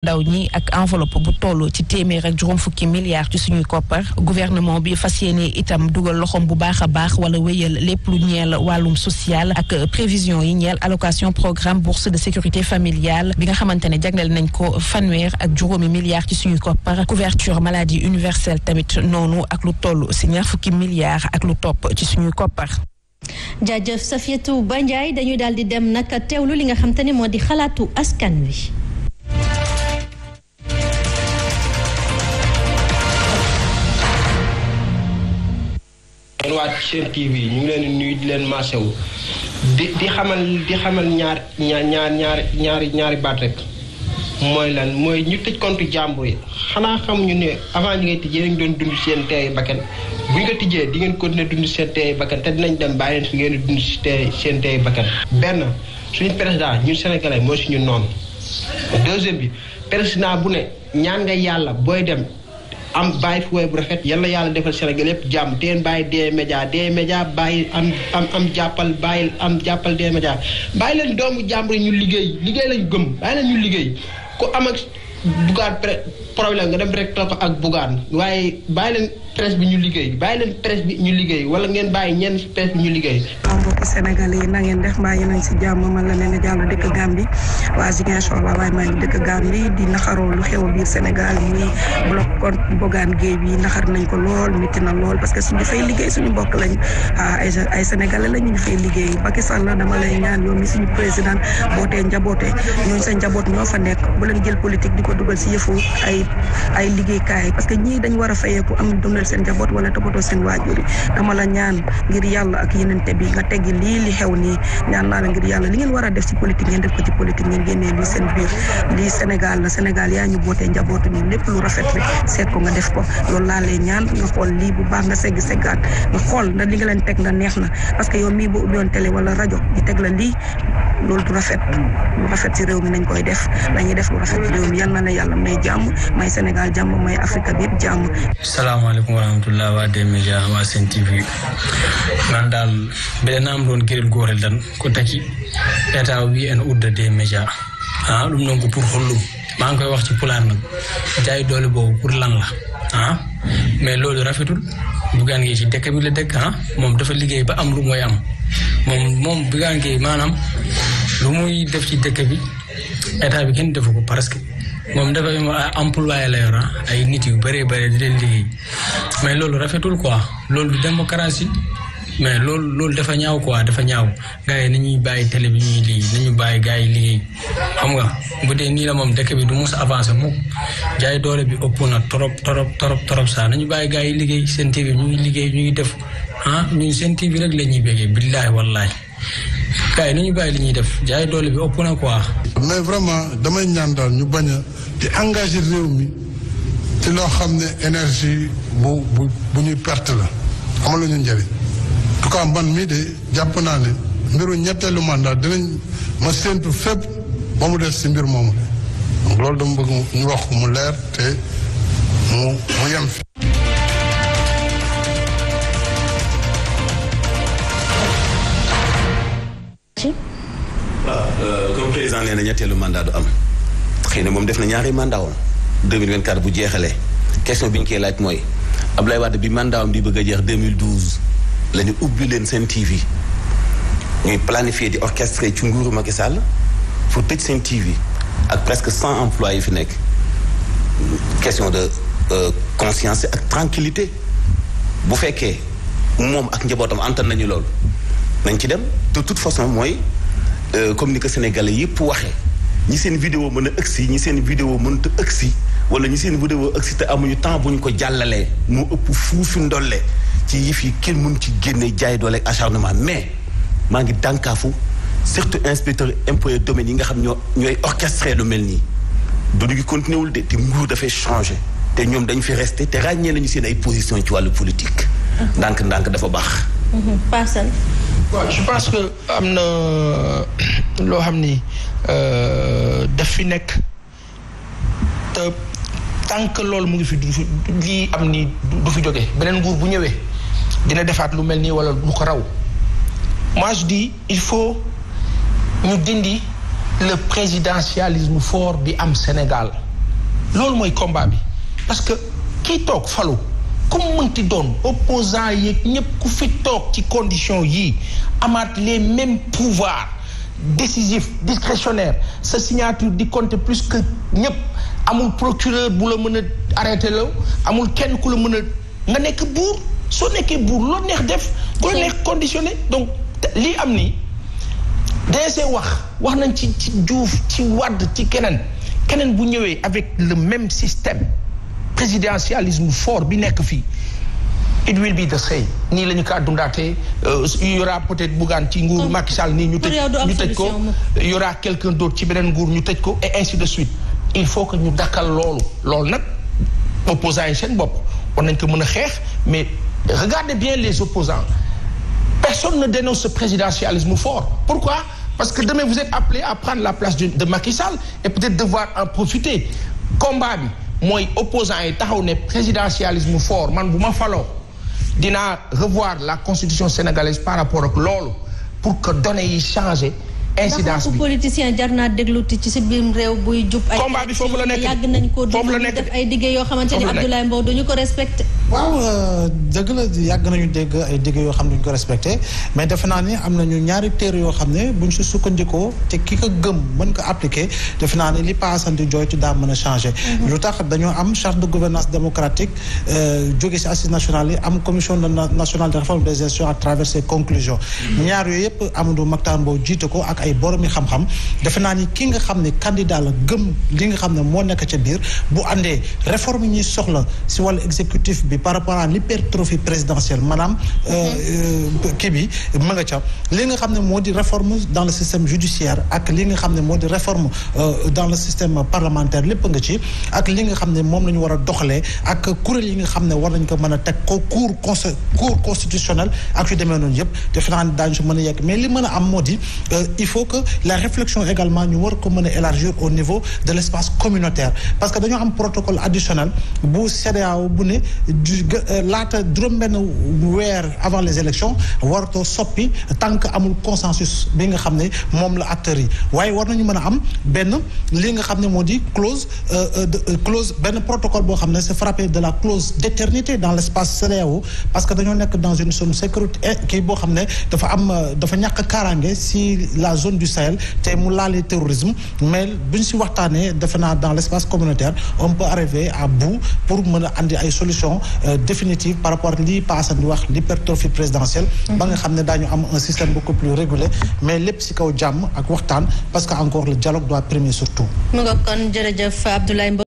ndaw ñi ak enveloppe bu toll ci téeméer ak juróom fukki milliards ci suñuy koppar gouvernement bi fas yéene itam dugal loxoom bu baax a baax wala wéyal lépp lu ñeel wàllum social ak prévision yi ñeel alocation programme bourse de sécurité familiale bi nga xamante ne jagleel nañ ko fanweer ak juróomi milliards ci suñuy koppar couverture maladie universelle tamit noonu ak lu toll si ñaar fukki milliards ak topp ci suñuy koppar. jaajëf Safiatou Ba Ndiaye dañuy daal di dem nag teewlu li nga xam te moo di xalaatu askan wi. ak Cher TV ñu ngi leen di nuyu di leen marché wu di di xamal di xamal ñaar ñaar ñaar ñaari ñaari ñaari baat rek mooy lan mooy ñu tëj compte jàmbur yi xanaa xamuñu ne avant ñu ngay tijjee dañu doon dund seen teey bakkan bi nga ko tijjee di ngeen continuer dund seen teey bakkan te dinañ dem bàyyi leen fi ngeen di dund seen seen teey bakkan benn suñu président ñu sénégalais mooy suñu noon deuxième bi président bu ne ñaan nga yàlla booy dem am bàyyi fu waay bu rafet yàlla yàlla defal Sénégal yëpp jàmm teen bàyyi dee média dee média bàyyi am am am jàppal bàyyi am jàppal dee média bàyyi leen doomu jàmbur ñu liggéey liggéey lañ gëm bàyyi leen ñu liggéey ku am ak bugaan problème nga dem rek topp ak bugaan waaye bàyyi leen presse bi ñu liggéey bàyyi leen presse bi ñu liggéey wala ngeen bàyyi ñenn presse bi ñu liggéey mbokki Sénégal yi na ngeen maa mbaa yéen a ngi si jàmm man la Néné Diallo dëkk Gambie waa Ziguinchor la waaye maa ngi dëkk Gambie di naxaroo lu xew biir Sénégal muy bloc contre Bougane Gueye bi naxar nañ ko lool mitti na lool parce que suñu fay liggéey suñu mbokk lañ ah, ay ay sénégalais la ñu fay liggéey Macky Sall dama lay ñaan yow mi suñu président bootee njaboote ñooñu sa njaboot ñoo fa nekk bu leen jël politique di ko dugal si yëfu ay ay liggéeykaay parce que ñii dañ war a fayeeku am dundal seen njaboot wala toppatoo seen la ñaan ngir yàlla ak yeneen léegi lii li xew nii ñaan naa la ngir yàlla li ngeen war a def ci politique ngeen def ko ci politique ngeen génnee lii seen biir lii Sénégal la Sénégal yaa ñu bootee njabootu ñu lépp lu rafet rek seet ko nga def ko loolu laa lay ñaan nga xool lii bu baax nga segg seggaat nga xool ndax li nga leen teg na neex na parce que yow mii boo ubbiwoon télé wala rajo ñu teg la lii loolu du rafet lu rafet ci réew mi nañ koy def dañuy def lu rafet ci réew yal na la yàlla may jàmm may Sénégal jàmm may Afrique bi yëpp jàmm. salaamaaleykum wa rahmatulah waa D-Media waa Sen TV man daal mbele na am doon gërëm goore dan ko taki état wi en udd D-Media ah ɗum noon maa ngi koy wax ci pulaar nag jaay doole boobu pour lan la ah mais loolu rafetul Bougane Gueye ci dëkk bi la dëkk ah moom dafa liggéey ba am lu mooy am moom moom Bougane Gueye maanaam lu muy def ci dëkk bi état bi kenn defu ko parce que moom dafa am employé la yor ah, ay nit yu bëree bëri di leen liggéey mais loolu rafetul quoi loolu démocratie mais loolu loolu dafa ñaaw quoi dafa ñaaw gars yi nañuy bàyyi télé bi ñuy liggéey nañu bàyyi gars yi liggéey xam nga bu dee nii la moom dekk bi du mos avancé mukk jaay doole bi ëpp na trop trop trop trop saa nañu bàyyi gars yi liggéey seen TV ñu ngi liggéey ñu ngi def ah ñun seen bi rek la ñuy béggee billaahi wallaahi gars yi nañu bàyyi li ñuy def jaay doole bi ëpp na quoi. mais vraiment damay ñaan daal ñu bañ a di engagé réew mi ci loo xam ne énergie bu bu ñuy perte la amal ñu njëriñ en tout cas mii de jàpp naa ne mbiru ñetteelu mandat dinañ ma séntu fépp ba mu des si mbir moomu donc loolu dama bëgg ñu wax mu leer te mu mu ci. waaw euh, comme président nee na ñetteelu mandat du am xëy na moom def na ñaari mandat woon 2024 bu jeexalee question bi ñu koy laaj mooy Ablaye Wade bi mandat am di bëgg a jeex 2012 la ñu ubbi leen seen TV ñuy planifier di orchestré ci nguuru Macky sàll pour tëj seen TV ak presque cent emplois yi fi nekk question de euh, conscience ak tranquillité bu fekkee moom ak njabootam antan nañu loolu. nañ ci dem de toute façon mooy euh, comme ni ko sénégalais yëpp waxee ñi seen vidéo mën a si ñi seen vidéo mënut a si wala ñi seen vidéo ëgsi te amuñu temps bu ñu ko jàllalee moo ëpp fuufi ndolle ci yëf yi kenn mënu ci génne jaay doole acharnement mais maa ngi dànkaafu surtout inspecteur impôts et yi nga xam ñoo ñooy orchestré lu mel nii duñu ngi continué wul de te nguur dafay changé te ñoom dañu fi resté te ràññee nañu seen ay position ci wàllu politique ndànk ndànk dafa baax waaw je pense que am na loo xam ni euh, daf fi nekk te tant que loolu mu ngi fi du fi lii am ni du fi jóge beneen nguur bu ñëwee dina defaat lu mel nii walla lu ko raw moi je il faut ñu dindi le présidentialisme fort bi am Sénégal loolu mooy combat bi parce que kii toog falu comme mënti doon opposant yeeg ñëpp ku fi toog ci condition yii amaat les mêmes pouvoirs décisifs discrétionnaires sa signature di compter plus que ñëpp amul procureur bu la mën a arrêté la amul kenn ku la mën a nga nekk buur soo nekkee buur loo neex def ku la nekk conditionné donc lii am nii DG wax wax nañ ci ci ci Wade ci keneen keneen bu ñëwee avec le même système présidentialisme fort bi nekk fii it will be the nii la ñu kaa dundaatee euh, il y aura peut-être Bougane ci nguur Macky Sall nii ñu tëj ñu tëj ko il y aura quelqu'un d'autre ci beneen nguur ñu tëj ko et ainsi de suite il faut que ñu dakkal loolu loolu nag opposants yi seen bopp war nañ ko mun a xeex mais regardez bien les opposants personne ne dénonce ce présidentialisme fort pourquoi parce que demain vous êtes appelé à prendre la place de Macky Sall et peut-être devoir en profiter combat bi mooy opposant yi taxaw ne présidentialisme fort man bu ma faloo dinaa revoir la constitution sénégalaise par rapport ak loolu pour que données yi changé incidence bi politicien jar naa déglu ci si biir réew buy jub ay combat bi foofu la nekk yàgg nañ ko def ay diggé yoo xamante ni Abdoulaye Mbow duñu ko respecté waaw euh, dëgg la yàgg nañu dégg ay digg yoo xam ne duñ ko respecté mais defe naa ni am nañu ñaari téere yoo xam ne buñ si sukkandikoo te ki ko gëm mën ko appliqué defe naa ni li paasante jooytu daa mën a changé mhm. lu tax dañoo am charte de gouvernance démocratique euh, jóge si assises nationales yi am commission nationale de réforme de gestions à travers ses conclusions mhm. ñaar yooyu yëpp Amadou Makhtar boo jiite ko ak ay boromi xam-xam defe naa ni ki nga xam ne candidat la gëm li nga xam ne moo nekk ca biir bu àndee réforme ñuy soxla si wàllu bi par rapport à l'hypertrophie présidentielle maanaam kii bi ma nga ca li nga xam ne moo di réforme dans le système judiciaire ak li nga xam ne moo di réforme euh, dans le système parlementaire lépp nga ci ak li nga xam ne moom la ñu war a doxalee ak kuréel yi nga xam ne war nañ ko mën a teg ko cour cour constitutionnel ak yu demee noonu yëpp defe naa ne daañu si mën a yegg mais li mën a am moo di euh, il faut que la réflexion également ñu war ko mën a élargir au niveau de l'espace communautaire parce que dañoo am protocole additionnel bu CEDEAO bu ne Euh, laata juróom-benn weer avant les élections waratoo soppi tant que amul consensus bi nga xam ne moom la acteurs yi waaye war nañu mën a am benn li nga xam ne moo di clause euh, euh, clause benn protocole boo xam ne c'est frappé de la clause d'éternité dans l'espace CEDEAO parce que dañoo nekk dans une zone sécurité eh, kii boo xam ne dafa am dafa ñàkk kaaraange si la zone du Sahel tey mu laalee terrorisme mais buñ si waxtaanee defe naa dans l'espace communautaire on peut arriver à bout pour mën a andi ay solutions Euh, définitive par rapport lii paasa di wax l'hypertrophie présidentielle ba nga xam ne daañu am un système beaucoup plus régulé mais lépp ci kaw jàmm ak waxtaan parce que encore le dialogue doit primer surtout mu nga kon jërëjëf Abdoulaye